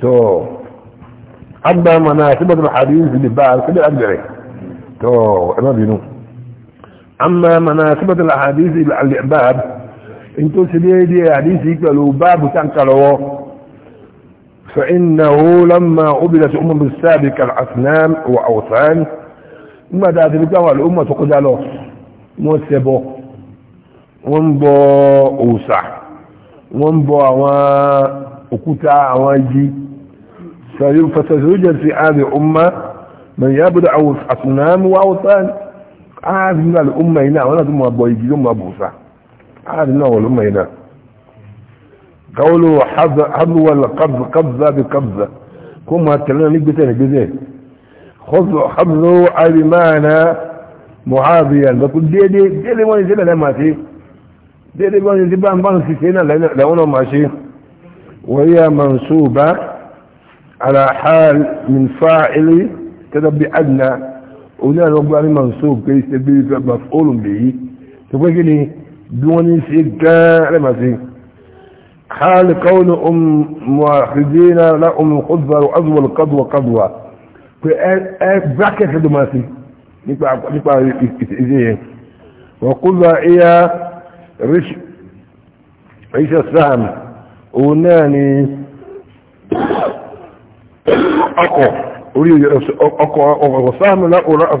to abba mana sibatu hadith li ba'd kida adri to ana binu amma mana sibatu hadith li ba'd into sidiye di hadith pẹ̀lú babu tan kalowo فإنه لما عبدت أمم السابقة الأصنام وأوثان ما ذلك والأمة قدلوا موسبوا وانبوا أوسع وانبوا وان أكتا وان جي فتزوجد في هذه الأمة من يبدع أصنام وأوثان هذه من الأمة هنا ولا ثم ابو يجي ثم صح هذه من الأمة هنا قولوا ولا قبض قبضة بقبضة كما تلنا نقبتين نقبتين خذوا حظوا أي معاذيا بقول دي دي دي دي وين زبنا ما في دي دي وين زبنا ما في سينا لأنه ماشي وهي منصوبة على حال من فاعل كذا بأدنى ولا ربما منصوب كي يستبدل مفعول به تبقى دون سيكا لما حال كون أم مؤخذين لأم خذبة وأذوى القدوة قدوة فأكد كده ما سي نقبع إزيه إيا رش عيش السهم وناني ọkọ̀ orí ọkọ̀ ọ̀sáàmù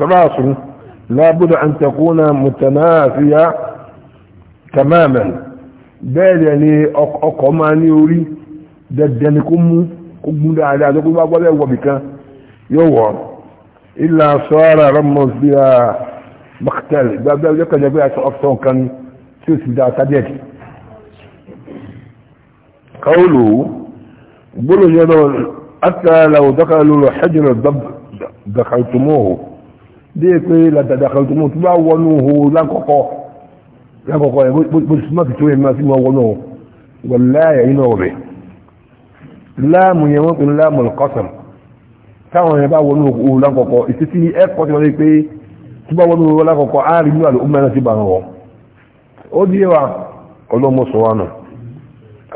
láàásùn lábúdà an takuna mutanafiya tamaman bẹ́ẹ̀ dẹ̀ ni ọkọ̀ máa ní orí dẹ̀dẹ̀ ni kó mú kó gún dáadáa tó kó bá gbọ́dẹ̀ wọ̀ bìkan yóò wọ̀ ilà sọ́ra ramos bí i maktel gbàgbẹ́ ọjọ́ kan jẹ́ pé àti ọ̀sán kan tí ó sì dá sájẹ́tì kawulu gbólóyìn ọlọ́run حتى لو دخلوا حجر دخلتموه دي كي لا دخلتموه تبعونوه لنكوكو لنكوكو بس ما في توين ما في ما ونوه ولا يعينوه به لام يمكن لام القسم táwọn ẹ̀bá wọnú òun lákọ̀ọ́kọ́ ìsítí ẹ́kọ́ tí wọ́n rí pé tí bá wọnú òun lákọ̀ọ́kọ́ ààrin ní àlùmọ́ ẹ̀nà sí bàrán wọn ó díẹ̀wà ọlọ́mọ́sọ̀wánà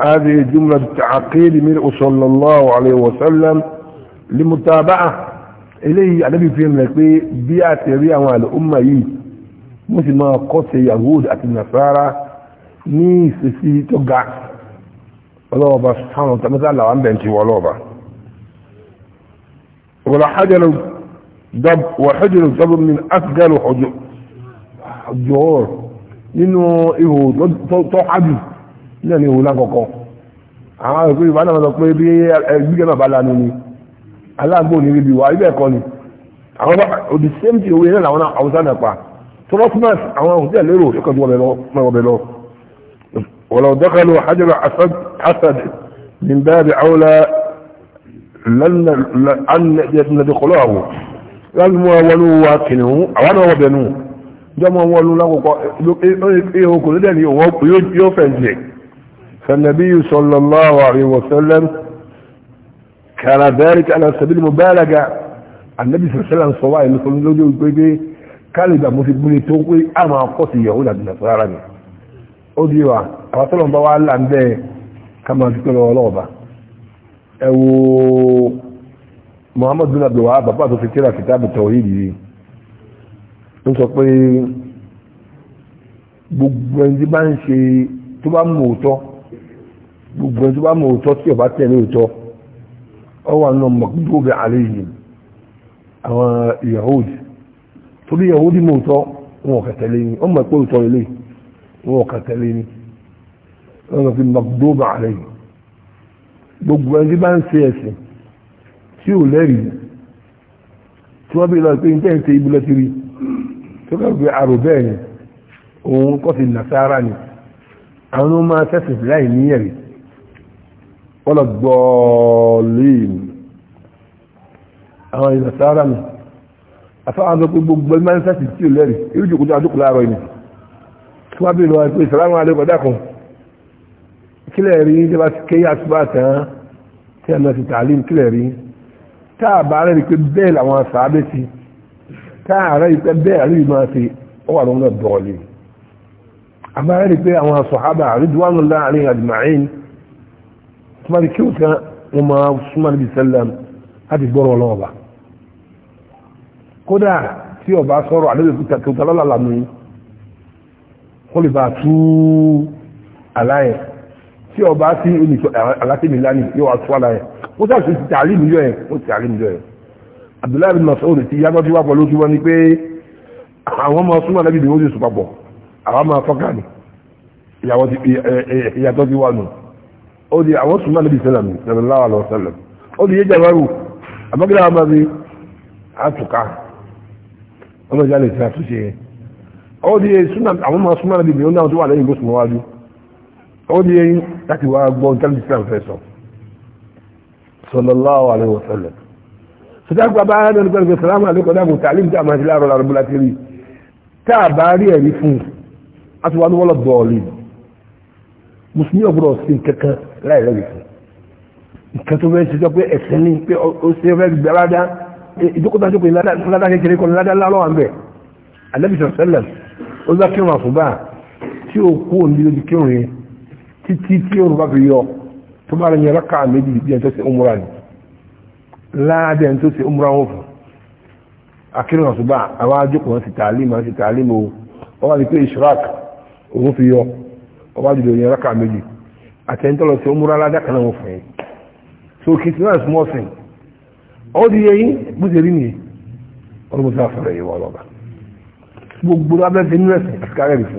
هذه جملة تعقيد من صلى الله عليه وسلم لمتابعة إليه يعني النبي فيهم لك بي أتريا والأمة يي مثل ما قص يهود أت النصارى نيس سي تقع ولوبا سبحانه وتعالى مثلا لو عم بنتي ولوبا ولا حجر دب وحجر دب من أثقل حجور لأنه يهود تو حجر ní ẹni òun lákọ̀ọ́kọ́ àwọn òkú ìbá náà sọ pé bí ẹgbẹ́ náà bá lanu ni aláàgbò ní ríbi wà ibẹ̀ kọ́ ni àwọn òdì same thing owó yẹn náà àwọn haúsá náà pa trọ́smọ́s àwọn òṣìṣẹ́ lérò ẹ̀kọ́ tó wọ́bẹ̀ lọ wọ́lọ̀ dọ́kẹ́lù hajjara asad ní báyìí àwọlá lẹ́nàdẹ́kọ́lọ́ àwọ̀ láti mú wọn wá kìnnìún àwọn náà wọ́bẹ̀ nù jọ́mọ́ wọn lú lákòókò فالنبي صلى الله عليه وسلم كان ذلك على سبيل المبالغة النبي صلى الله عليه وسلم صلى الله عليه وسلم kálìbà mo fi gúnlé tó pé a máa kọ́ sí yahoo àti nasara ni ó di wa àwọn tó lọ́n bá wá là ń bẹ́ ká máa dúpẹ́ lọ́wọ́ lọ́ọ̀bà ẹ wo muhammadu bin abdul wahab bàbá tó fi kíra kìtàbù tawhid yìí ń sọ pé gbogbo ẹni tí bá ń ṣe tó bá mú òótọ́ gbogbo ẹni tó bá mọ òótọ́ tí ọba tẹ̀lé òótọ́ ọ wà nínú mọ̀gbóbi àlejò àwọn Yahudi torí Yahudi mọ òótọ́ wọn ò kẹtẹ̀lé ni ọmọ ẹ̀pẹ́ òótọ́ ilé wọn ò kẹtẹ̀lé ni wọn lọ fi mọ̀gbóbi àlejò gbogbo ẹni tó bá ń ṣe ẹ̀sìn tí ò lẹ́rìí tí wọ́n bí lọ pé ní tó kẹ́ àrò bẹ́ẹ̀ ni òun kọ́ ni àwọn ọmọ akẹ́sìn láì níyẹ̀rì wọ́n gbọ́ọ̀lìn àwọn ìlà sára mi afáwọn ọmọ gbogbo mẹ́sàtì tí ò lẹ́rì irújù kúta àdúkù láàrọ̀ ìní tí wọ́n bèèrè wọn pé ìsàlámù alẹ́kọ̀ọ́ dákun kílẹ̀ rí ní bá ti kéyà àtúbà tán tí a lọ sí tààlìm kílẹ̀ rí tá a bá rẹ̀ rí pé bẹ́ẹ̀ làwọn sàábẹ́ ti tá a rẹ̀ rí pé bẹ́ẹ̀ rí máa ṣe ó wà lọ́wọ́ bọ̀ọ̀lì àbá rẹ̀ rí pé àwọn sọ̀hábà rí duwánù láàrin àdìmáyìn tí wọ́n ti kí òtún wọn máa súnmọ́ níbi sẹ́lẹ̀m láti gbọ́rọ̀ ọlọ́wọ́ bá kódà tí ọba sọ̀rọ̀ àlejò tó tẹ̀tẹ̀ tó lọ́la lànà yìí wọ́n lè bá a tú aláyẹ̀ tí ọba sí oníṣọ́ alátẹ́mi lánìí yóò wá tú aláyẹ̀ ó sàṣe ti tààlí mi yọ ẹ̀ ó ti tààlí mi yọ ẹ̀ Abdullahi bin Mas'ud ti yàgbọ́ tí wàá pọ̀ lójú wọn ni pé àwọn ọmọ súnmọ́ níbi ìdíwọ́ ti sùn papọ̀ àwọn ọmọ afọ́kà ni ìyàtọ̀ ti wà nù ó di àwọn súnmọ́ níbi ìṣẹ́lẹ̀ mi sallallahu alaihi wasallam ó di yéjà márù àmọ́gídá wa máa fi àtùká ọlọ́jà lè ti àtúnṣe yẹn ó di àwọn máa súnmọ́ níbi ìbìyàn náà tó wà lẹ́yìn bó súnmọ́ wájú ó di yẹn láti wá gbọ́ tẹ́lẹ̀ islam fẹ́ sọ sallallahu alaihi wasallam sọjá gba bá rẹ̀ nípa ìgbésẹ̀ sàlámù kankan láì lọ́gì fún nǹkan tó fẹ́ ṣe sọ pé ẹ̀sẹ̀ ní pé ó ṣe fẹ́ gbẹ ládá ìjókòó tó pè ládá kékeré kan ládá lálọ́ àmbẹ̀ alẹ́bìsọ̀ sẹ́lẹ̀ ó bá kírun àfùbá tí ó kú òní lójú kírun yẹn títí tí òun bá fi yọ tó bá rẹ̀ yẹn rákà méjì bí ẹni tó ṣe umra ni láàdẹ ẹni tó ṣe umra wọn fún akírun àfùbá àwọn ajókòó wọn sì tààlímù wọn sì tààlímù wọn wá ní pé ìṣúrák òun fi yọ ọba àtẹ̀ntọ́lọ tí ó múra aládàkà náà wọ́n fún yẹn so kìtì náà small thing ọ́ di yẹn bó ṣe rí nìyẹn wọ́n mú sí àfẹ́rẹ́ yìí wọ́n lọ́ba gbogbo abẹ́fẹ́ nínú ẹ̀sìn àti kárẹ́rì fún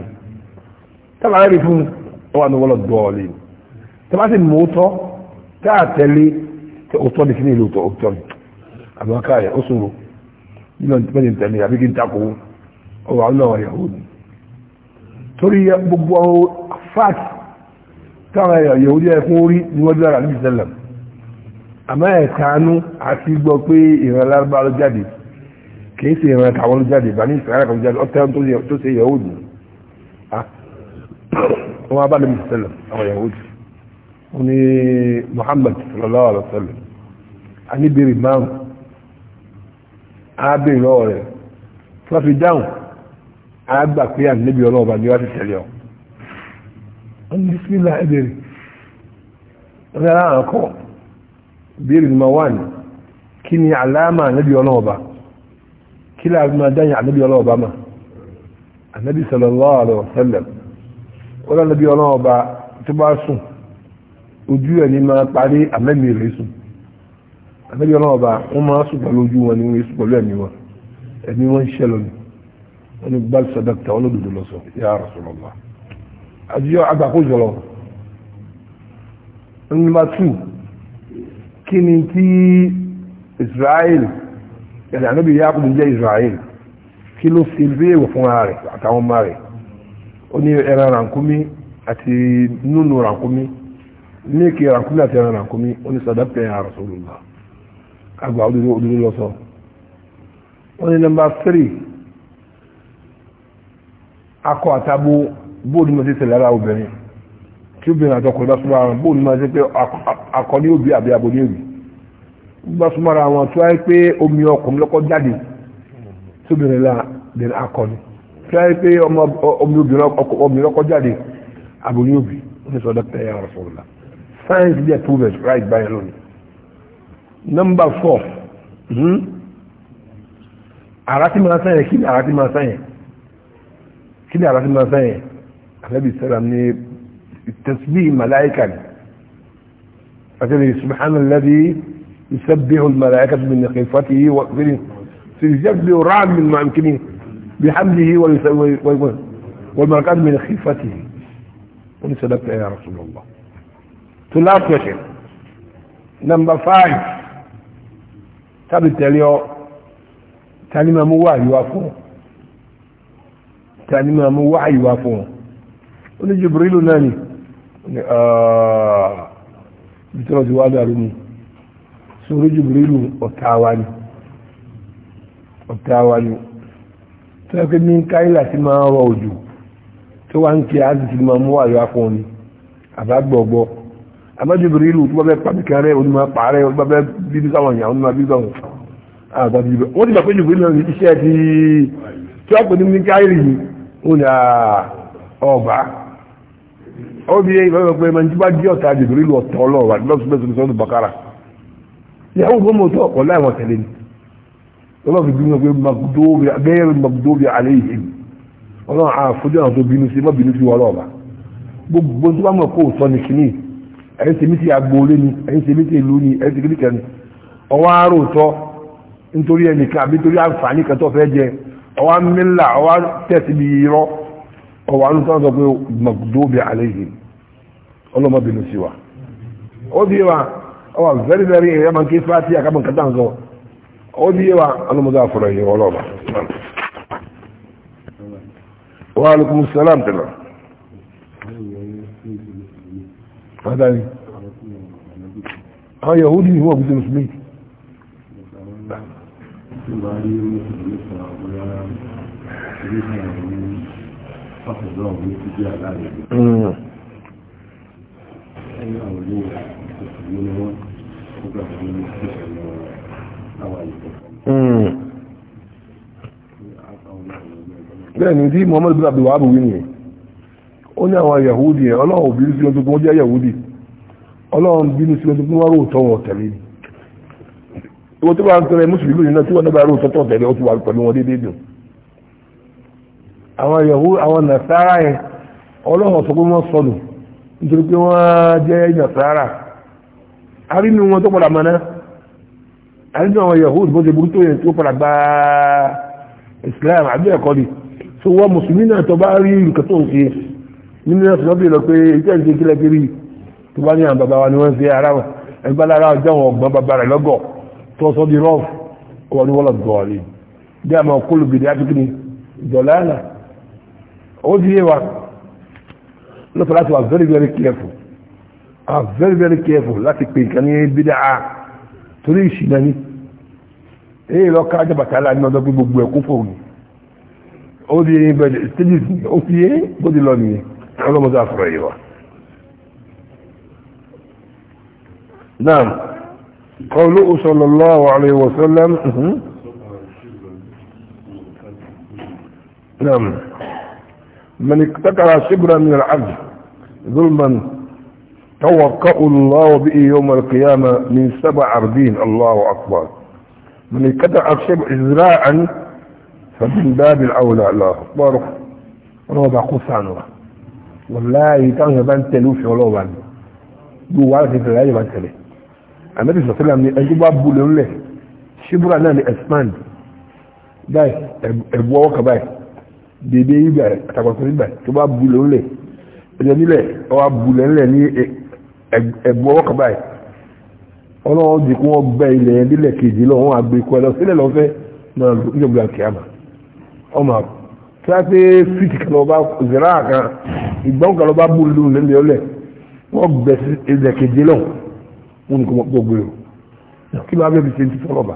tábàárẹ́rì fún ọwọ́ àmì wọ́lọ̀ dọ́ọ̀lì tábàtì mọ́tọ́ táà tẹ́lé òtọ́ ní kíní ìlú òtọ́ ní àbúrákà rẹ̀ ó sòrò nínú ìtìmẹ́lì tẹ̀lé àbí kí n takò ọwọ́ àwọn ọ̀rẹ́ òní torí káwọn ẹ̀yà yòówù díẹ̀ fún orí níwájú ara níbi sẹ́lẹ̀ àmọ́ ẹ̀kaánú àti gbọ́ pé ìran lárúbá ló jáde kìí ṣe ìran tàwọn ló jáde bá ní ìsìnkára kan jáde ọ̀tẹ́ tó ṣe yòówù dùn wọn bá níbi sẹ́lẹ̀ àwọn yòówù dùn wọn ni Muhammad sallallahu alaihi wa sallam a ní márùn á lọ́wọ́ rẹ̀ tí wọ́n fi dáhùn á pé àníbi ọlọ́ọ̀bá ni wọ́n ti tẹ̀lé ọ̀ wọ́n ní bísímìlá ẹ̀bẹ̀rẹ̀ wọ́n ní aláàrán kọ́ bèèrè ní ma wà ní kí ni àlámà ànábì ọlọ́ọ̀bá kí láàrín máa dáyìn ànábì ọlọ́ọ̀bá ma ànábì sallallahu alaihi wasallam wọ́n ànábì ọlọ́ọ̀bá tó bá sùn ojú ẹ̀ ní máa parí àmẹ́mì rẹ̀ sùn ànábì ọlọ́ọ̀bá wọ́n máa sùn pẹ̀lú ojú wọn ni wọ́n sùn pẹ̀lú wọ́n ní bá sọ̀dọ̀tà ọlọ́dọ̀dọ̀ lọ́sọ̀ yá àdìyọ agbàkójọ lọ nígbà tù kí ni tí Israel yàtọ̀ ànábì Yakub jẹ́ Israel kí ló fi léèwọ̀ fún ara rẹ̀ àtàwọn ọmọ rẹ̀ ó ní ẹran rànkúmí àti nùnù rànkúmí mílíkì rànkúmí àti ẹran rànkúmí ó ní sàdápẹ́ Rasulullah àgbà òdodo òdodo lọ sọ ó ní nọ́mbà tírì akọ àtàbó bóòlù mọ̀ sí ṣẹlẹ̀ ara obìnrin tí obìnrin àtọkùnrin bá súnmọ́ ara wọn bóòlù mọ̀ sí pé akọni òbí àbí abòní òbí bá súnmọ́ ara wọn tí wáyé pé omi ọkùnrin lọ́kọ́ jáde tóbìnrin la dẹ̀rẹ̀ akọni tí wáyé pé omi obìnrin lọ́kọ́ jáde abòní òbí ní sọ́dọ̀ tẹ̀ yà rọ̀ sọ̀rọ̀ la science dey proven right by alone number four ara hmm? tí máa sáyẹn kí ni ara tí máa sáyẹn kí ni ara tí máa sáyẹn النبي صلى الله عليه وسلم التسبيح ملائكة فكذا سبحان الذي يسبح الملائكة من خيفته وفي الجبل والرعد من ممكنه بحمده والملائكة من خيفته قل صدقت يا رسول الله ثلاث question number نمبر فايف tẹ̀lé ọ tani máa mú wáyé wá fún ọ tani máa mú ó ní Jibrilu náà ni ní ah, ibi tí wọ́n ti wá dàrú mu sórí Jibrilu ọ̀tá wa ni ọ̀tá wa ni tó yẹ kí ní káyìlá ti máa rọ òjò tó wá ń kí áàzì ti máa mú àyọ afọ ni àbá gbọ̀gbọ́ àmọ́ Jibrilu tó bá bẹ́ pàmì kan rẹ̀ onímọ̀ pàrẹ́ ó bá bẹ́ bíbí sáwọn èèyàn onímọ̀ bíbí sáwọn àgbà ah, bíbí wọ́n ti gbà pé Jibrilu náà ní iṣẹ́ ti tí wọ́n pè ní káyìlì yìí ó ní ah, ọ̀bá ó di yẹ ìlọ́yọ̀ pé ẹni tí bá jí ọ̀tá jìbìrì lù ọ̀tọ̀ ọlọ́ọ̀wà lọ́sibẹ́sì sọ́dún bàkárà ìyàwó kò tó ọ̀kọ̀ láì tẹ̀lé ni ọlọ́run fi bínú pé magdobi gẹ́rù magdobi ọlọ́run àwọn tó bínú sí má bínú sí sọ ẹ̀yìn ti agboolé ni ẹ̀yìn ti ìlú ni ẹ̀yìn kẹ́ni ọ àánú tó ń sọ pé magdobi alayhi ọlọ́mọ bínú sí wa ó wa ọwọ́ very very ẹ̀yà máa ń ké fati àkàbọ̀n kàtà ń sọ ó salam tẹ̀lé. Adani. Àwọn Yahudi ni Hmm. Hmm. bẹ́ẹ̀ni tí Muhammad bin Abdul Wahab wí nìyẹn ó ní àwọn Yahudi yẹn Ọlọ́run bínú sí ọdún tó wọ́n jẹ́ Yahudi Ọlọ́run bínú sí ọdún tó wọ́n rò tọ́ wọn tẹ̀lé ni ìwọ́n tó bá ń tẹ̀lé mùsùlùmí lónìí náà tí wọ́n náà bá rò tọ́tọ̀ tẹ̀lé ó ti wà pẹ̀lú wọn déédéé dùn àwọn yahoo àwọn nasara yẹn ọlọ́wọ́ sọ pé wọ́n sọnù nítorí pé wọ́n jẹ́ nasara arínú wọn tó padà mọ́ná arínú àwọn yahoo bó ṣe burú tó yẹn tó padà gba islam àbí ẹ̀kọ́ ni so wọ́n mùsùlùmí náà tó bá rí nǹkan tó ń ṣe nínú ẹ̀sìn lọ́bì lọ pé iṣẹ́ ìṣe kílẹ̀ kiri tó bá ní àwọn bàbá wa ni wọ́n ń ṣe ara wọn ẹgbẹ́ lára ọjọ́ wọn ọgbọ́n bàbá rẹ̀ lọ́gọ̀ tó sọ kọ́ ni wọ́n lọ gọ̀ọ́lì bí àmọ́ kólùbìdì áfíkì ni dọ̀lá náà All di yé wa lọ́tọ̀ láti wà very very careful ah very very careful láti pè nǹkan ní bídà á torí ìṣìnà ni èyí lọ ká ajábàtà láàrin ọdọ pé gbogbo ẹkún fòun ni ó di yé bẹ́ẹ̀ stages ni ó fi yé bó ti lọ nìyẹn ọlọ́mọdé àfọ̀rọ̀ yìí wa. نعم قوله صلى الله عليه وسلم نعم من اكتكر شبرا من العرج ظلما توقع الله به يوم القيامة من سبع عردين الله أكبر من اكتكر شبرا إزراعا فمن باب الأولى الله أكبر رابع قصان والله كان يبان تلوش ولو بان دو وارد في يبان بان تلوش النبي صلى الله عليه وسلم أجيب أبو له شبرا لأسمان أسمان داي أبو باي dèdè ibà àtàkùnkùn ibà tó bá bu lòún lẹ̀ ẹ̀jẹ̀ nílẹ̀ ọwọ́ bu lẹ̀ ńlẹ̀ ní ẹ̀gbọ́n ọwọ́ kaba yìí ọlọ́wọ́ di kí wọ́n gbẹ ilẹ̀ yẹn nílẹ̀ kejì lọ wọn àgbè kọ́ ẹ lọ sílẹ̀ lọ́fẹ́ náà níjọba kìámà ọmọ tí wọ́n pé fíìtì kan lọ́ba zẹ̀rá kan ìgbọ́n kan lọ́ba bu lòún lẹ̀ lọ́lẹ̀ wọ́n gbẹ ilẹ̀ kejì lọ wọn ni kò gbogbo yìí kí ló wá bẹ́ẹ̀ fi ṣe ti fọlọ́ba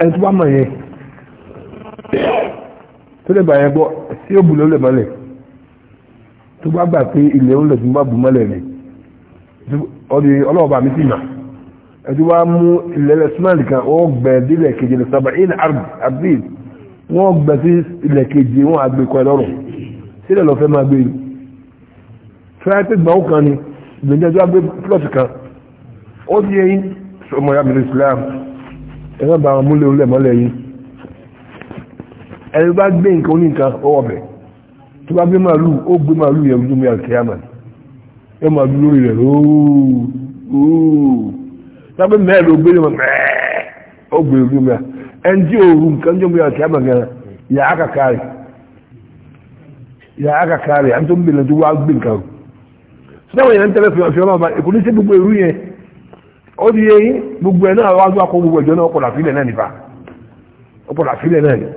ẹ̀ tó lè bàyẹ̀ gbọ́ sí òbù ló lè mọ́lẹ̀ tó bá gbà pé ilẹ̀ ń lẹ̀ tó bá bù mọ́lẹ̀ rẹ̀ ọdí ọlọ́ọ̀bà mi sì mà ẹtí wàá mú ilẹ̀ lẹ̀ súnmọ́lì kan ó gbẹ̀ dílẹ̀ kejì lẹ̀ sábà in abdul wọ́n gbẹ̀ sí ilẹ̀ kejì wọ́n àgbẹ̀ kọ́ ẹ lọ́rùn sílẹ̀ lọ́fẹ́ máa gbé ni fẹ́ẹ́ pé kan ni ìgbìyànjú àgbẹ̀ plọ̀tì kan ó di ẹyin sọmọ yàgbẹ̀ Islam ẹ̀rọ bá wọn múlẹ̀ ó lẹ̀ mọ́lẹ̀ yìí ẹni bá gbé nǹkan oníkan ọwọ́ bẹ̀ tó bá gbé màálù ó gbé màálù yẹn lómi àkíyàmà ẹ màálù lórí rẹ̀ ooo tábí mẹ́rin ló gbé lómi mẹ́ẹ̀ẹ́ ó gbé lómi à ẹni tí òru nǹkan jọ́mi àkíyàmà gan yà á kàkárì yà á kàkárì àti tó ń bèèrè tó wá gbé nǹkan o sọ́dọ̀ yẹn ń tẹ́lẹ̀ fi ọmọ àbá èkó ní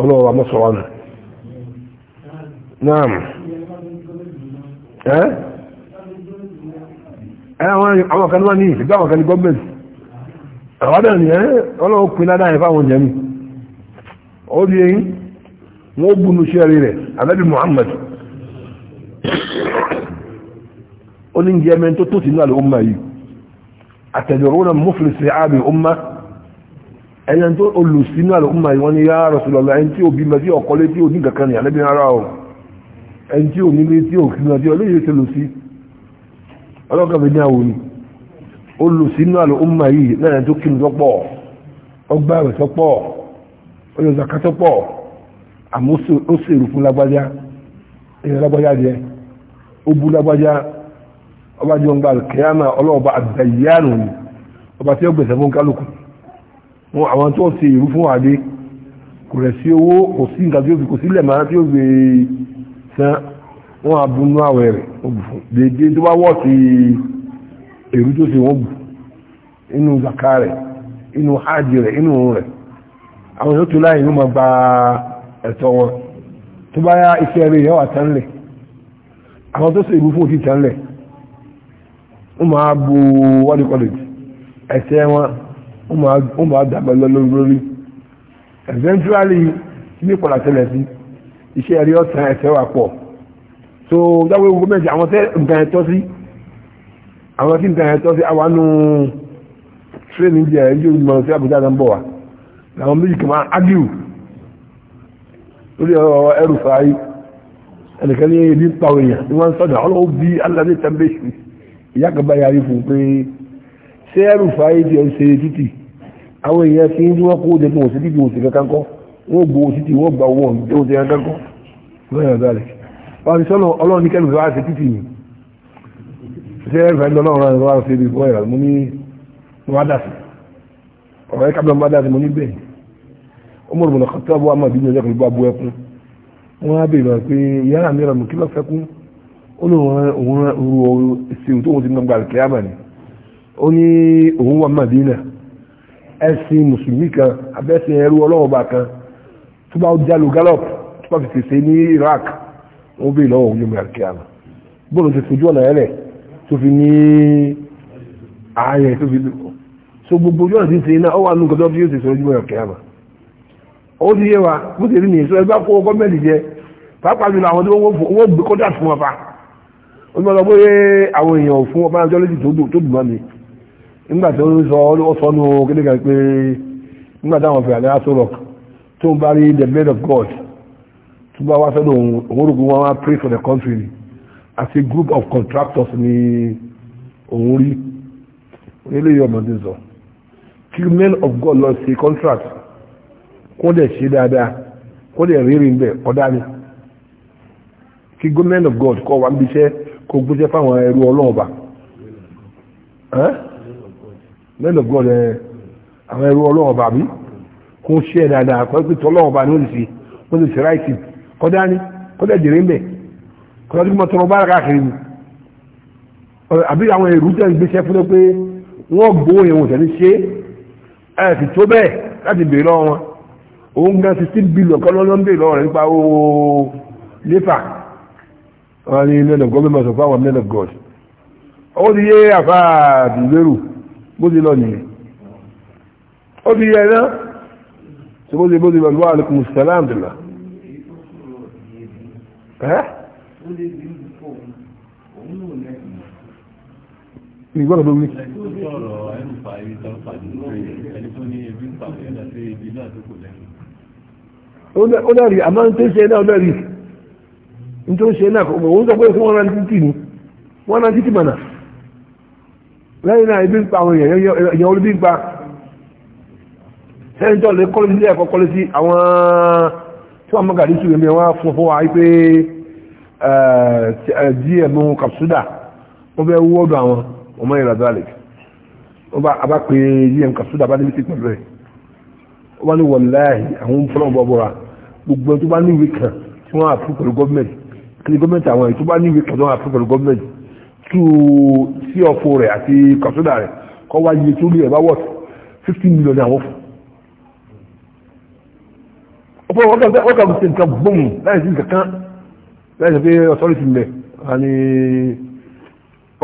ọlọ́wọ́ mọ́sọ̀ ọ̀nà naam ẹ́ àwọn kan wọ́n ní ìgbà àwọn kan ní gọ́ọ̀mẹ̀ntì àwọn náà na ẹ́ ọlọ́wọ́ pin ládá ẹ̀ fáwọn jẹ́mi ó Muhammad ó ní jẹ́mẹ́ tó tó sí náà ẹ̀yẹn tó olùsínú àlùkùnmà ìwọ́n ni yá Rasulullah ẹni tí ò bí mẹ́ tí tí ò ní kankan ní ara ọ̀ ẹni tí ò nílé tí ò kí mẹ́ tí ò léyìí ṣe lùsí ọlọ́kàbí ní àwọn olùsínú àlùkùnmà yìí lẹ́yìn tó kí sọ́pọ̀ ọgbà rẹ̀ sọ́pọ̀ ọyọ zaka sọ́pọ̀ àmọ́ ó ṣèrú fún lágbájá èèyàn lágbájá jẹ ó bú lágbájá ọba jọ wọn àwọn tó ṣe ìrú fún àdé kò rẹ̀ sí owó kò sí nǹkan tí ó fi kò sílẹ̀ máa tí ó fi san wọn abúnú àwẹ̀ rẹ̀ ó bù fún dédé tó bá wọ́ sí èrú tó ṣe wọ́n bù inú zaka rẹ̀ inú hajj rẹ̀ inú rẹ̀ àwọn yóò tó láyé ló máa gba ẹ̀tọ́ wọn tó bá yá iṣẹ́ rẹ̀ yẹ́wà tánlẹ̀ àwọn tó ṣe ìrú fún òtí tánlẹ̀ wọ́n máa bu wádìí kọ́lẹ̀jì ẹ̀sẹ̀ wọn ó máa dàgbà lọ́lọ́rí eventually ní ìpàdà tẹ́lẹ̀ sí iṣẹ́ rí ọ̀sán ẹ̀sẹ̀ wà pọ̀ so dáwọ́ ewu gọ́mẹ̀ntì àwọn tẹ́ nǹkan ẹ̀tọ́ sí àwọn tí nǹkan ẹ̀tọ́ sí àwọnú tírénì jẹ́ ẹ̀jọ́ ìgbìmọ̀ sí àbújá náà ń bọ̀ wá làwọn méjì kì máa ágìrù lórí ọ̀rọ̀ ẹrù fàáyí ẹnìkan ní ebi ń pa òyìn ni wọ́n ń sọ̀dọ̀ ọlọ́wọ́ bí alẹ́ tẹ́ḿbẹ́sì ìyá kan bá yarí sẹ́ẹ̀rù fàáyé ti ọ̀rọ̀ ṣeré títì àwọn èèyàn ti ń tí wọ́n kó oúnjẹ tí wọ́n sí títì wọ́n sì kankan kọ́ wọ́n gbowó títì wọ́n gba owó ọ̀hún tí wọ́n sì kankan kọ́ lọ́yìn ọ̀dọ́ àlẹ́ wọ́n ti sọ́nà ọlọ́run ní kẹ́lù fàáyé títì yìí sẹ́ẹ̀rù fàáyé lọ́nà ọ̀rọ̀ àwọn ṣe bí wọ́n yàrá mo ní mọ́dàsí ọ̀rọ̀ ẹ̀ka bẹ́ẹ̀ mọ́dàsí mo ní bẹ́ẹ̀ ọmọ rẹ̀ mọ̀nà kọ́tà bọ́ àmà bíbí ọjọ́ bá bu ẹkún wọ́n á bèèrè pé yàrá mi rà mú kí lọ́ fẹ́kún ó lóun òun òun ìsìn tó wọ́n ti nàgbà àlùkẹ́ àmà ni ó ní òun wà Madina ẹ̀sìn mùsùlùmí kan abẹ́sìn ẹrú ọlọ́ọ̀bà kan tó bá jálù gallop tó bá fi fèsè ní Iraq wọ́n bèèrè lọ́wọ́ òun yóò mú àkíyà lọ ti fojú ọ̀nà ẹlẹ̀ tó fi ní ààyè tó fi so gbogbo ojú ọ̀nà ti ṣe iná ó wà nù gọ́dọ̀ bí yóò ti sọ ojú mọ́ ó ti yé wa bó ti rí nìyẹn sọ ẹgbẹ́ kó gọ́ọ̀mẹ̀ntì jẹ pàápàá jùlọ àwọn tí wọ́n gbé kọ́dà fún wọn pa ó ní wọn lọ bóyá mi nígbà tó ń sọ ó sọnù kéde kan pé nígbà táwọn fèrè àlẹ́ aṣọ rock tó ń bá rí the blood of God tó bá wá sọ́dọ̀ òun òun wọn wá pray for the country as a group of contractors ni òun rí onílé yọ ọmọdé sọ kí men of God lọ ṣe contract kó dẹ̀ ṣe dáadáa kó dẹ̀ rírì ń bẹ̀ kí men of God kọ́ wa ń bí iṣẹ́ kó gbéṣẹ́ fáwọn ẹrú ọlọ́ọ̀bà mẹ́lẹ̀ God ẹ̀ àwọn ẹrú ọlọ́wọ́ bá mi kó ṣe ẹ̀ dáadáa kọ́ pé tọ́lọ́wọ́ bá ní ó lè ṣe wọ́n lè ṣe ráìtì kọ́dá ní kọ́dá jèrè ń bẹ̀ kọ́dá tó mọ̀ tọrọ bára káàkiri ni àbí àwọn èrú tẹ̀ ń gbéṣẹ́ fún pé wọ́n gbó ìwọ̀n òṣèlú ṣe ẹ̀ sì tó bẹ́ẹ̀ láti bèèrè lọ́wọ́ wọn òun gan sixteen billion kọ́ lọ́lọ́ ń bèèrè lọ́wọ́ rẹ̀ nípa owó lépa wọn ni men of God mẹ́mọ̀ sọ fún àwọn men of God ó ti yé àfáà bìlérù bó ti lọ nìyẹn ó ti yẹ iná tí lọ sàlám ó àmọ́ tó ṣe náà ṣe náà kò wọ́n sọ pé fún lẹ́yìn náà ibi ń pa àwọn èèyàn olúbí ń pa sẹ́ńtọ́ lè kọ́lé sílé ẹ̀kọ́ kọ́lé sí àwọn tí wọ́n mọ́gàdí sí ìrìnlẹ̀ wọ́n fún fún wa wípé gm capsuda ó fẹ́ wọ́ọ̀dù àwọn ọmọ ìrọ̀dọ́lẹ̀ ó bá a bá pé gm capsuda bá níbi tí pẹ̀lú ẹ̀ ó bá ní wọ̀láì àwọn fúnra bọ́bọ̀ra gbogbo tó bá níwèé kan tí wọ́n àfún pẹ̀lú gọ́ọ̀mẹ̀ntì kí ni gọ́ọ̀mẹ̀ntì àwọn èyí tó bá níwèé kan tí wọ́n àfún pẹ̀lú gọ́ọ̀mẹ̀ntì tú sí ọ̀fọ̀ rẹ̀ àti kọ̀sọ́dà rẹ̀ kọ́ wá iye tó lé ẹ̀ bá wọ̀ fifteen million àwọn fún. ọ̀pọ̀ wọ́n kàn ṣe nǹkan bọ́ọ̀mù láì sí kankan láì sọ pé ọ̀sọ́rì ti lẹ̀ àní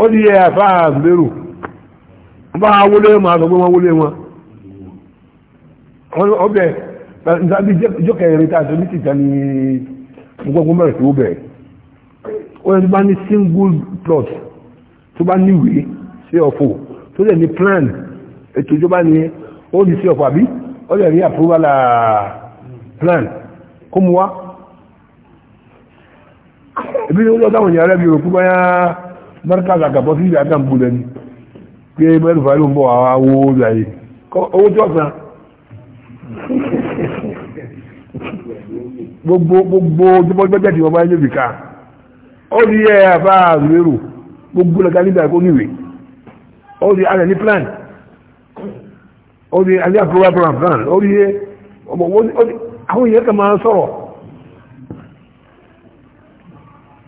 ó ní ẹ̀ àfà àgbérò wọ́n bá wọlé wọn àgbẹ̀ wọn wọlé wọn. ọbẹ̀ nzabi jọkẹ̀rẹ̀ tá a sọ ní tìta ni gbogbo mẹ́rin tó bẹ̀ ó yẹ kí wọ́n ní single plus tó bá níwèé sí ọ̀fọ̀ tó lè ní plan ètò ìjọba ni ó ní sí ọ̀fọ̀ àbí ó lè rí approval plan kó mú wá ebi ní ó dáwọn ìyàrá bí òkú báyá mẹ́ríkàzà gàbọ́ sí ìyàtà ń bulẹ̀ ni pé mẹ́rin fàílù ń bọ̀ àwọ láyé owó tí ọ̀sán gbogbo gbogbo jùmọ́ gbẹ́gbẹ́ tí wọ́n bá ń yóò bìkà ó ní ẹ̀ àbá àzúrérù gbogbo lọ́gá níbẹ̀ àkó níwèé All the, alẹ̀ ní plan ó di alẹ́ àpúrò program plan ó di ọmọ àwọn èèyàn kan máa sọ̀rọ̀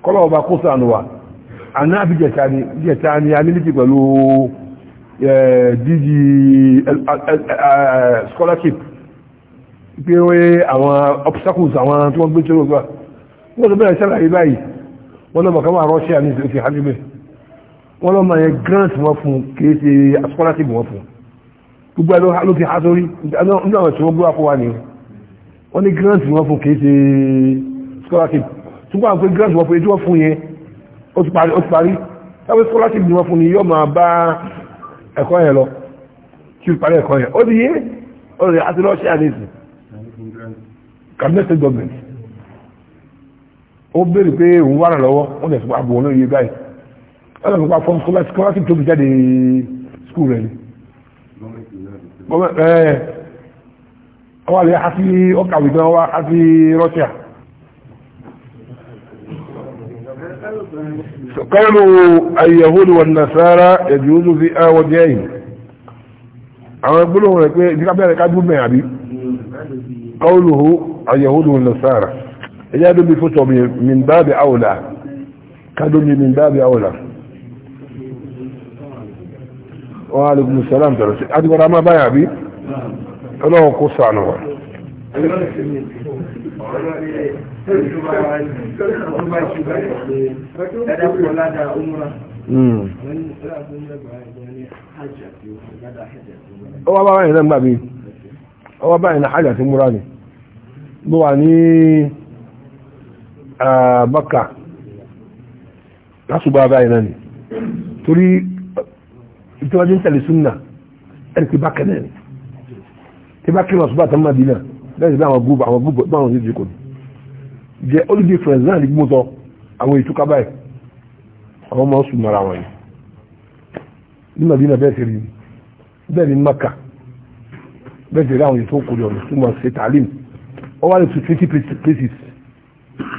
kọ́lọ̀ ọba kó sànù wa àná àbí jẹta ni a nílìkì pẹ̀lú díjì scholarship pé àwọn obstacles àwọn tí wọ́n gbé tí ó gbà wọ́n tó bẹ̀rẹ̀ sẹ́lá yìí báyìí wọ́n lọ́mọ̀ kan wà rọ́ṣíà ní ìsìnkú hajjúmẹ́ wọ́n lọ́mọ yẹn grant wọn fún kì í ṣe scholarship wọn fún gbogbo ẹ̀ ló fi há sórí nínú àwọn ìṣòro gbọ́ àkọ́wà ni wọ́n ní grant wọn fún kì í ṣe scholarship ṣùgbọ́n àwọn pé grant wọn fún ètò wọn fún yẹn ó ti parí ó ti parí táwọn scholarship ni wọn fún ni yóò máa bá ẹ̀kọ́ yẹn lọ kí o parí ẹ̀kọ́ yẹn ó ti yé ó rẹ̀ àti lọ́ọ́ ṣe àdéhùn cabinet government ó béèrè pé òun wà lọ́wọ́ wọ́n lè sọ àbò wọn lóye báyìí ọlọ́run nípa fọ́n kọ́lá sí tóbi jáde skul rẹ̀ ni ọwọ́ àlẹ́ àti ọkàwé gan wa àti Russia قالوا اليهود والنصارى يجوز في آوجين àwọn ẹgbẹ́lò rẹ̀ pé ìdíkàbẹ̀rẹ̀ ká dúbẹ̀ àbí kọlùhù àyẹ̀hùdù nàṣàrà ẹjá dóbi fótọ̀ min bábi àwòlà kádóbi min bábi àwòlà wa alaikum salam tọrọ sí àti bọ̀dá máa báyà bí ọlọ́run kó sànù wa. ọwọ́ hmm. báyìí náà gbà mí ọwọ́ báyìí náà hajj àti múra ni bó wà ní baka ah, lásùgbà báyìí náà ni torí tí wọ́n ti ń tẹ̀lé súnà ẹni pé bákan náà ni tí bá kí wọn sùgbọ́n àtàwọn máa dínà lẹ́yìn sí àwọn gúbù àwọn gúbù báwọn sí jùkọ́ jẹ́ olùdí fẹ̀rẹ̀sì náà ní gbọ́n sọ àwọn ìtúkà báyìí àwọn máa ń sùn mara wọn yìí Madina bẹ́ẹ̀ sẹ́rí bẹ́ẹ̀ ni Maka bẹ́ẹ̀ sẹ́rí àwọn ìtúkò kò jọ súnmọ́ ṣe tàlímù ó wà lè tu twenty places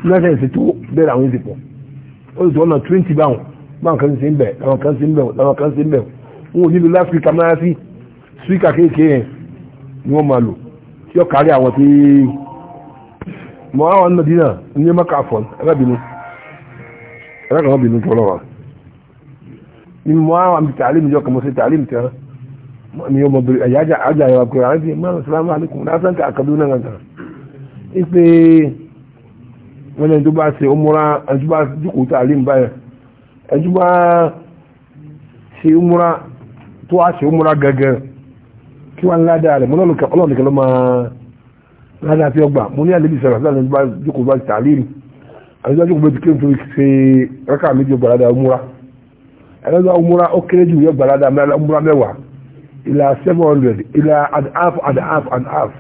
lẹ́sẹ̀ ẹ̀sẹ̀ tó bẹ́ẹ̀ àwọn ìsìnkú ó lè tu ọ̀nà twenty báwọn báwọn kan sí ń bẹ̀ làwọn kan sí ń bẹ̀ kan sí ń wọn ò nílò láfíríkà máa sí síkà kéèké yẹn ni wọ́n máa lò tí ó kárí àwọn tí mọ̀ àwọn nàdínà ní maka àfọ̀n ẹgbẹ́bìnú ẹgbẹ́kànwọ́ bìnú tọ́lọ́ wa ni mọ̀ àwọn àmì tààlìm jọ kàmọ́ sí tààlìm tẹ́ ni ọmọ bèrè ẹ̀yà ajá ìwà kúrò àwọn tí mọ̀ sàlámù alaykum lásán tí àkàdú náà nàkà ipe wọn ni tó bá ṣe ọmọra ẹjú bá jókòó tààlìm báyẹn ẹjú bá ṣe ọmọra tó wá ṣe ó múra gangan kí wọ́n ládà rẹ̀ mọ́ ọlọ́run nìkan ló máa ládà tí ó gbà mo ní àlébí sọ̀rọ̀ sí àlejò jókòó bá tàlíìrì àlejò jókòó bá ti kí n tó ṣe rákà méjì ó gbàládà múra àlejò múra ó kéré jù yọ gbàládà múra mẹ́wàá ìlà seven hundred ìlà and half and half and half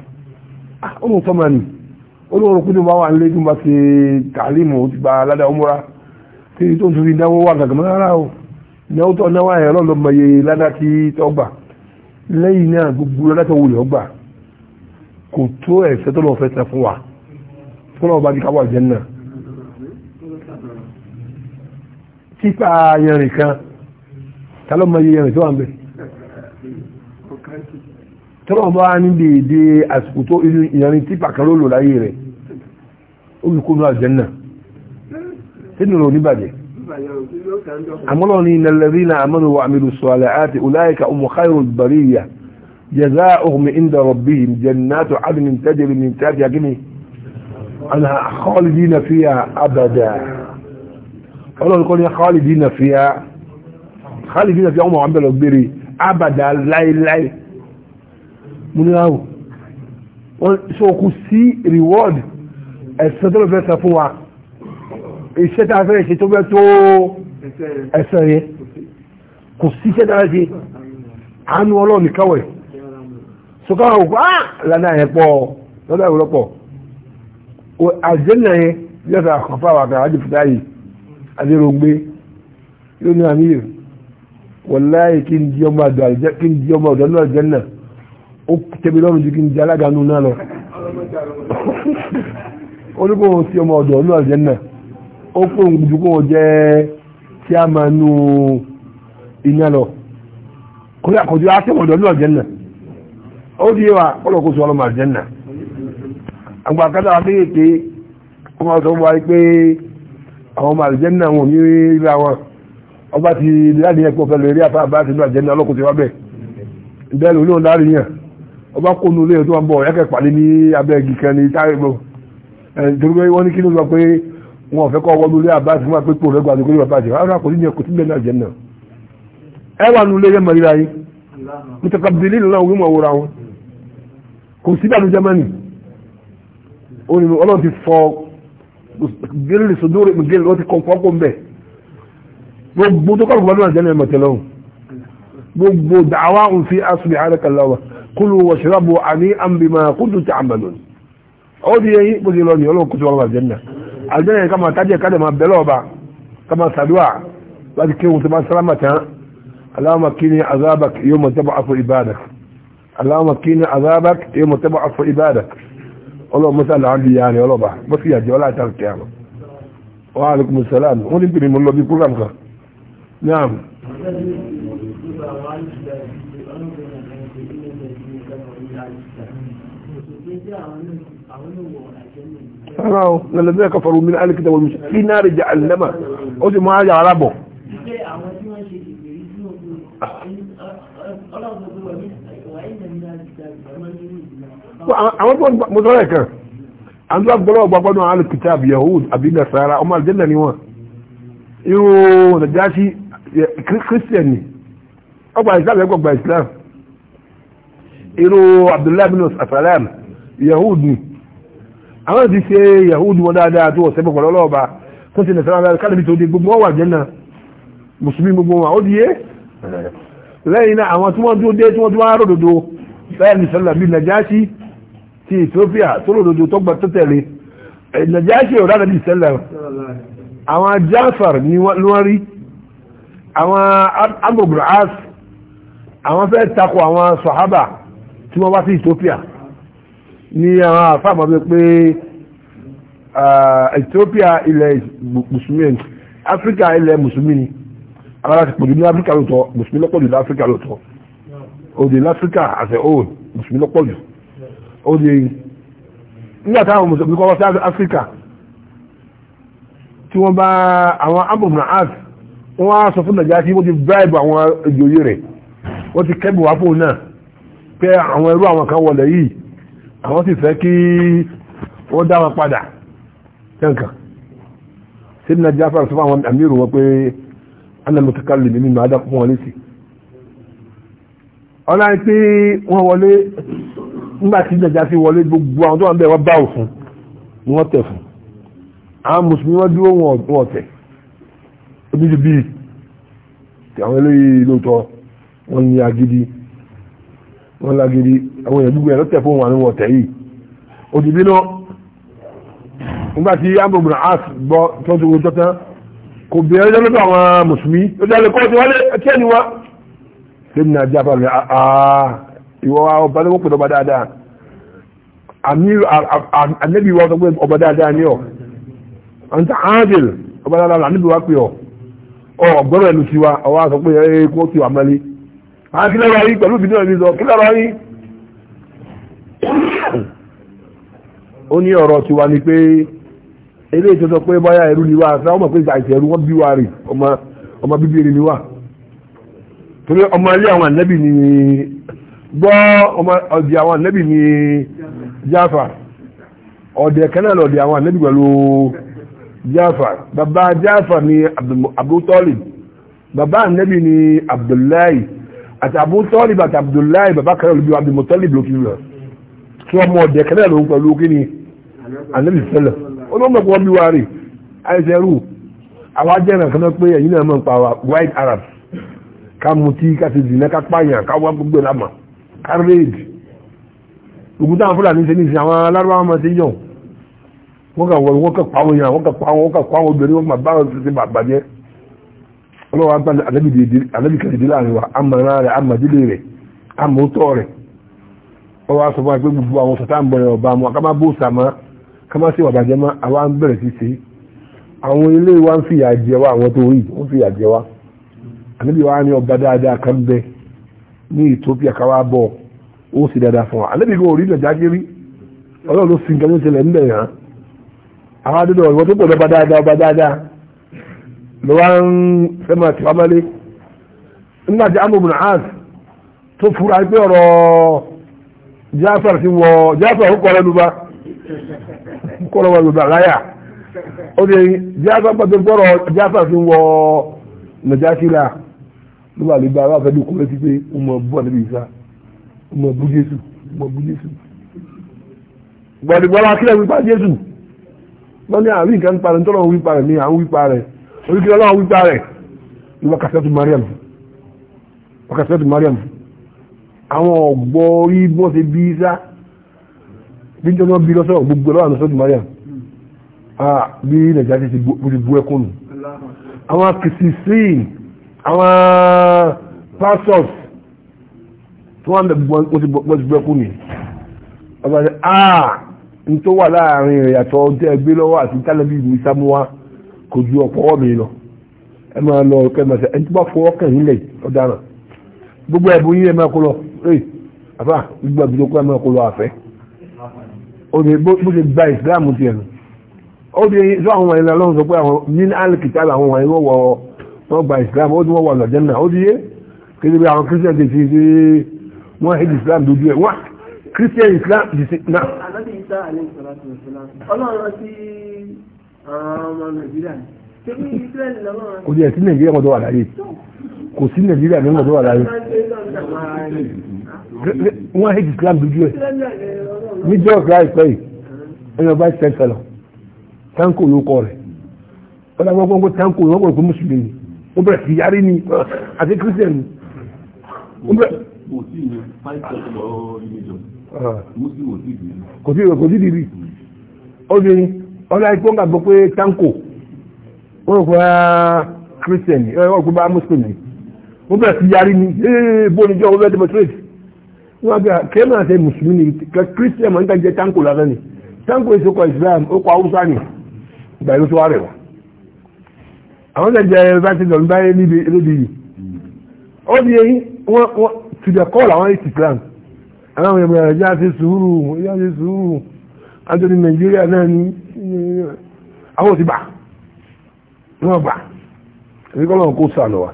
ah, ó mú sọ́mọ́ ni olóòrò kúndé bá wà nílé tó bá ṣe tàlíìmù ó ti gba ládà múra tí tó ń tún fi dáwọ́ wà gàgàmọ́ náwó tó náwó àyàn náà ló mọye ládá tí ọgbà lẹ́yìn náà gbogbo ládá tó wulẹ̀ ọgbà kò tó ẹ̀sẹ̀ tó lọ́wọ́ fẹ́ tẹ fún wa tó lọ́wọ́ bá di káwọ́ àjẹ́ náà pípa yẹrin kan ta ló mọye yẹrin tó wà ń bẹ̀ tọ́lọ̀ bá ní dèédé àsìkò tó inú ìyàrin típà kan ló lò láyé rẹ̀ ó fi kó nù àjẹ́ náà sínú rẹ̀ oníbàjẹ́ àmọ́lọ́ni nàlẹ́rìnà àmọ́lù wa àmìlù sọ̀rọ̀ àti ọláìka ọmọkáyọ̀ bàríyà jẹ́zá ohun inda rọ̀bí jẹ́nàtò adìní tẹ́jẹ̀rì ní tẹ́jẹ̀ agíní ana kọ́lìdì na fi ya abada ọlọ́run kọ́ni kọ́lìdì na fi ya kọ́lìdì na fi iṣẹ́ tá a fẹ́ ṣe tó bẹ́ tó ẹsẹ̀ yẹn kò sí iṣẹ́ tá a ṣe àánú ọlọ́run nìkan wẹ̀ sọkàrà òkú á ah, lànà yẹn pọ̀ lọ́dọ̀ ìwúrọ̀ pọ̀ àjẹ́nà yẹn lẹ́sà àkànfà àkàrà àjẹpútà yìí adérògbé yóò ní àmì yìí wọláyé kí n di ọmọ àdó kí n di ọmọ ọ̀dọ́ náà àjẹ́nà ó tẹ̀mí lọ́rùn ju kí n di alága nù náà lọ onígbò sí ọmọ ọ̀dọ́ náà àjẹ́nà ó pé òun gbùdú kó wọn jẹ́ tí a máa nu iná lọ kó ní àkọ́jú á sẹ́wọ̀n dọ́lú àjẹ́nà ó di wa ọlọ́kóso ọlọ́mọ àjẹ́nà àgbà kátà àkéèké wọ́n máa sọ fún wa pé àwọn ọmọ àjẹ́nà wọn ní ríra wọn ọba ti láti ẹ̀kọ́ pẹ̀lú eré afá bá ti lọ àjẹ́nà ọlọ́kóso wa bẹ̀ bẹ́ẹ̀ lónìí ò láàrin yàn ọba kó nu ilé tó bọ̀ ẹ̀kẹ́ pàdé wọn fẹ́ kọ́ wọlú ilé àbáṣe fún apépò rẹ̀ gbàdúgbò ilé àbáṣe rárá kò níjẹ kò sí bẹ́ẹ̀ náà jẹ́ náà ẹ wà nulẹ̀ yẹn mọ̀ríra yìí mùtàkà bìlì lọ́la òun mọ̀ wòra wọn kò sí bẹ́ẹ̀ ní Germany ọlọ́run ti fọ gẹ́lẹ́ sọdọ́rẹ́ gẹ́lẹ́ wọ́n ti kọ́ fọ́pọ̀ mbẹ́ gbogbo tó kọ́ fọ́pọ̀ náà jẹ́ náà mọ̀tẹ́lẹ́ gbogbo dàwa àlùjẹ́nà yẹn ká máa tájẹ̀ ká lè máa bẹ́lẹ̀ ọba ká máa sàdúà láti kí wọn tó máa sálámà tán aláwọ̀mà kí ni azabak yóò mọ̀ tẹ́bọ̀ afọ ibadak aláwọ̀mà kí ni azabak yóò mọ̀ tẹ́bọ̀ afọ ibadak ọlọ́run mọ́sá làwọn bí yaari ọlọ́ba bó sì yàjẹ́ ọlá ìtàn kẹ́ àmọ́ wa alaikum salam wọ́n ní bìrì mọ́ lọ bí program kan sáráwọ̀ lẹ́lẹ́dẹ́ kàfàrù mi náà kìtàwọ̀ mi sí náà rẹ̀ jẹ́ àlẹ́mà ó sì máa yàrá bọ̀ àwọn tó mọ̀ sọ́rọ̀ ẹ̀kan àwọn tó gbọ́rọ̀ ọgbàgbọ́nù alkitab yahud àbí nasara ọmọ aljanna ni wọn irú nàjáṣí christian ni ọgbà islam ẹgbẹ́ ọgbà islam irú abdullahi bin salam yahud ni àwọn ti ṣe yahudu wọn dáadáa tó ọ̀sẹ̀ pọ̀pọ̀ lọ́lọ́ọ̀ba tó ṣe nẹ̀sán aláàrẹ kálẹ̀bí tó di gbogbo ọwà jẹ́nà mùsùlùmí gbogbo wọn ó di yé lẹ́yìn náà àwọn tí wọ́n tó dé tí wọ́n tó wá ròdòdó lẹ́yìn ní sọ́lá nàjáṣí ti ethiopia tó ròdòdó tó gbà tó tẹ̀lé nàjáṣí ò rárá bíi sẹ́lẹ̀ àwọn jáfàr ni wọ́n rí àwọn agbègbè as àwọn fẹ́ takò àwọn sọ̀hábà tí wọ́n wá sí ethiopia ní àwọn àfáàmọ́ bíi pé Ethiopia ilẹ̀ mùsùlùmí ẹ̀ Áfíríkà ilẹ̀ mùsùlùmí ni àwọn láti pòjù ní Áfíríkà lóòótọ́ mùsùlùmí lọ́pọ̀ ní Áfíríkà lóòótọ́ òde ní Áfíríkà àti òòl mùsùlùmí lọ́pọ̀ jù nígbà táwọn mùsùlùmí kọ́ wá sí Áfíríkà tí wọ́n bá àwọn amòmùnà áàfì wọ́n wá sọ fún nàìjíríà tí wọ́n ti àwọn ìjòyè rẹ̀ wọ́n ti kẹ́bù wá fún náà pé àwọn ẹrú àwọn kan àwọn sì fẹ́ kí ó dá wọn padà kẹ́ǹkan Sayyidina Jafar sọ fáwọn àmìrò wọn pé ana mutakallim nínú adá fún wọn lẹ́sì ọlá ń pé wọ́n wọlé nígbà tí ìjọba sí wọlé gbogbo àwọn tó wà ń bá òfin ni wọ́n tẹ̀ fún àwọn mùsùlùmí wọ́n dúró wọn ọ̀tẹ̀ ojú bíi àwọn eléyìí lóòótọ́ wọ́n ní agídí wọ́n lágidi àwọn èèyàn gbogbo ẹ̀rọ tẹ̀ fún wọn àwọn ọ̀tẹ̀ yìí òdìbí náà nígbà tí ambo bin as gbọ́ tọ́jú owó tọ́tán kò bẹ̀rẹ̀ ẹjọ́ lọ́tọ̀ àwọn mùsùlùmí ó jẹ́ kọ́ ti wálé ẹtí ẹni wá lẹ́nu náà jábà rẹ̀ àà ìwọ ọba lọ́wọ́ pẹ̀lú ọba dáadáa ànẹ́bí wa sọ pé ọba dáadáa ní ọ àǹtà ángel ọba dáadáa ànẹ́bí wa pè ọ ọgbọ́rọ̀ ẹnu tiwa ọwọ́ sọ pé kó tiwa mẹ́lẹ́ àwọn kí lọ́rọ̀ yìí pẹ̀lú ìbínú ẹ̀mí sọ kí lọ́rọ̀ yìí ó ní ọ̀rọ̀ tiwa ni pé ilé ìtọ́ sọ pé báyà ẹrú ni wá sáwọn mọ̀ pé àìsàn ẹrú wọ́n bí wa rè ọmọ bíbí ni wá torí ọmọ ilé àwọn ànẹ́bì ni gbọ́ ọmọ ọdì àwọn ànẹ́bì ni jáfà ọ̀dẹ̀ kẹ́nà lọ́dẹ̀ àwọn ànẹ́bì pẹ̀lú jáfà bàbá jáfà ni Abdul Talib bàbá ànẹ́bì ni Abdullahi àti Abu Talib àti Abdullahi bàbá kan olùbí Abdul Muttalib ló fi lọ tí wọ́n mọ ọ̀dẹ̀ kan náà lòun pẹ̀lú kí ni anabi sẹlẹ̀ ó ló mọ̀ bí wárí àìsẹ̀ rú àwọn ajẹ́ràn kan náà pé ẹ̀yin náà mọ̀ pa wa white Arab ká mutí ká ti dìnnà ká pààyàn ká wá gbogbo ìlànà ká rèédì ògùn táwọn Fúlàní ṣe ní ìsìn àwọn alárúbáwá máa ṣe yàn wọ́n kà wọ́n kà pàwọn yàn wọ́n kà pàwọn obìnrin wọ́n kà bá wọn ti ṣe bàbàjẹ́ ọlọ́wọ́ agbá alábìkẹ̀dìdì láàrin wa amọ̀ràn rẹ̀ a rẹ̀ amọ̀tọ́ rẹ̀ ọwọ́ aṣọ fún gbogbo àwọn sọ̀tà ọba wọn kama bó sàmọ́ kama sí wàbàjẹ́ mọ́ àwa ń bẹ̀rẹ̀ sí ṣe àwọn ilé wa ń fìyà jẹ wa àwọn tó rí wa wa ní ọba dáadáa kan bẹ ní Ethiopia káwá bọ̀ ó sì dáadáa fún wa kò rí ìdọ̀já kiri ọlọ́run ló fi nǹkan ló lọ́wọ́n fẹ́mọ̀ tí wọ́n mẹ́lẹ́ nígbàtí amóhùn àás tó fura pé ọ̀rọ̀ jáfàr sí wọ jáfàr ó kọ́rọ́ lùbá kọ́rọ́ wọn lùbá láyà ó ní jáfàr pàtó kọ́rọ́ jáfàr sí wọ nàjásílà lùbá lùbá wà fẹ́ dùkú létí pé bú àdébí bú jésù bú jésù kílẹ̀ wípa jésù lọ́ní ń wípa rẹ̀ ní wípa rẹ̀ oríkì ọlọ́run wípé rẹ̀ ìwọ kàṣẹ́tù mariam kàṣẹ́tù mariam àwọn ọ̀gbọ́ orí bọ́n ti bí sá níjọ́ náà bí lọ́sọ̀ gbogbo ọlọ́run kàṣẹ́tù mariam bí nàìjíríà ti bú ẹkún nù àwọn kìsìsì àwọn pastors tí wọ́n bẹ̀ bọ́ ti bú ẹkún nì ọba ṣe ah n tó wà láàrin ìrìn àtọ́ jẹ́ gbé lọ́wọ́ àti tálẹ́bí mi sámúwá kò ju ọ̀pọ̀ mi lọ ẹ máa lọ ọ̀kẹ́ máa ṣe ẹni tó bá fọwọ́ kàn yín lẹ̀ ọ̀daràn gbogbo ẹ̀bùn yín ẹ máa kó lọ ee àbá gbogbo àbújọ kó ẹ máa kó lọ àfẹ́ ó lè bó ṣe gba ìsìláàmù tiẹ̀ nù ó lè sọ àwọn wọ̀nyí lọ́wọ́ sọ pé àwọn ní alìkìtà làwọn wọ̀nyí wọ́n wọ wọ́n gba ìsìláàmù ó tún wọ́n wọ àlọ́jẹ́ náà ó ti yé kéde bí àwọn kírísítẹ̀n ti fi ti ṣe náà kò jẹ́ sí nàìjíríà mọ́tò wà láyé kò sí nàìjíríà ní mọ́tò wà láyé wọ́n hate islam dojú ẹ̀ níjọ́ ọ̀gá ìpẹ́ yìí ẹni ọba ìsẹ́ńtẹ̀ lọ tanko yóò kọ rẹ̀ wọ́n dàgbọ́ pọ́nkọ́ tanko yóò kọ̀ pé mùsùlùmí ó bẹ̀rẹ̀ sí yarí ni àti christian ni. kò sí ìyẹn five percent ọ̀rọ̀ ah. ìmẹ̀jọ kò sí ìrọ̀ kò sí ìdìrí ó ní ọlá ipò ń gbàgbọ́ pé tanko wọ́n rò pé christian wọ́n rò pé muslim ni wọ́n bẹ̀rẹ̀ sí yarí ni bóníjọ́ wọ́n fẹ́ demonstrate wọ́n wá bí i kẹ́mà ṣe mùsùlùmí ni christian mọ̀ níta jẹ́ tanko lásán ni tanko èso kọ islam ó kọ haúsá ni ìgbà ìlú tó wà rẹ̀ wá àwọn ọ̀sẹ̀ jẹ́ vatican ní báyé níbi lóde yìí ó di eyín wọ́n to the call àwọn eight plan àwọn ọmọ ìgbà ìyá ṣe sùúrù ìyá ṣe sùúrù àjọ ní nàìjíríà náà ni àwọn ò ti gbà wọ́n gbà èyí kọ́ lọ́n kó sànù wa.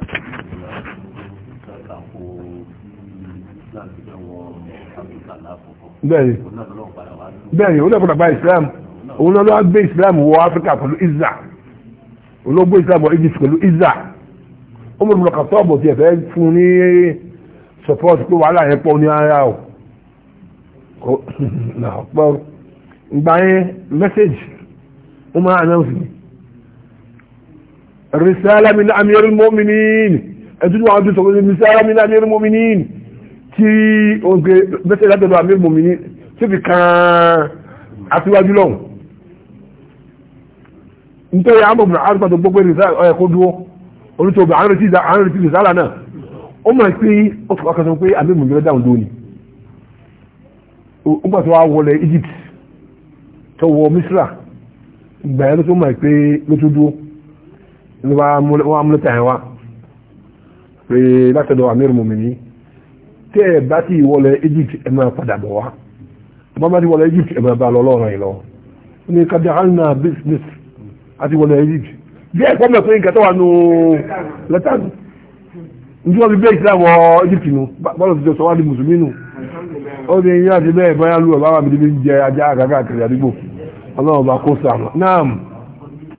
bẹ́ẹ̀ni bẹ́ẹ̀ni òun náà fọdà bá Islam òun náà lọ́wọ́ gbé Islam wọ Áfíríkà pẹ̀lú Izza òun ló gbé Islam wọ Egypt pẹ̀lú Izza ó mọ̀ lọ́kà tọ́ọ̀bù tí ẹ fún ní support pé wàhálà yẹn pọ̀ ní ara o. gbà message wọ́n máa announce ni risala min amirul mu'minin ẹ̀tún wọn tún sọ̀rọ̀ risala min amirul mu'minin tí o gbé bẹ́sẹ̀ látọ̀dọ̀ amirul mu'minin tí fi kan aṣíwájú lọ́hùn nítorí àmọ̀ bùnà àrùn pàtó gbogbo risala ọ̀yẹ̀ kó dúró onítọ̀bẹ̀ àrùn retí risala náà ó máa pé ó tún akẹ́sọ̀ pé amirul mu'minin dáhùn dóni ó gbà tó wá wọlé Egypt tó wọ Misra ìgbà yẹn ló tó mọ̀ pé ló tó dúró ló bá wọ́n amúlẹ̀ tàn wá pé látọ̀dọ̀ amir mumini tẹ́ ẹ bá ti wọlé Egypt ẹ máa padà bọ̀ wá bá bá ti wọlé Egypt ẹ máa bá lọ lọ́rọ̀ yìí lọ ó ní kájà hàn náà business àti wọlé Egypt bí ẹ̀kọ́ mẹ́ pé nǹkan tó wà nù lẹ́tà nù ní wọ́n fi bẹ́ẹ̀ sí àwọn Egypt nù bọ́lá ti jọ sọ wá di mùsùlùmí nù ó ní yín àti bẹ́ẹ̀ báyà lù ọ̀ bá wà mí níbi jẹ ajá àgàgà àkàrà àdúgbò ọlọ́ọ̀bá kó sàmà náà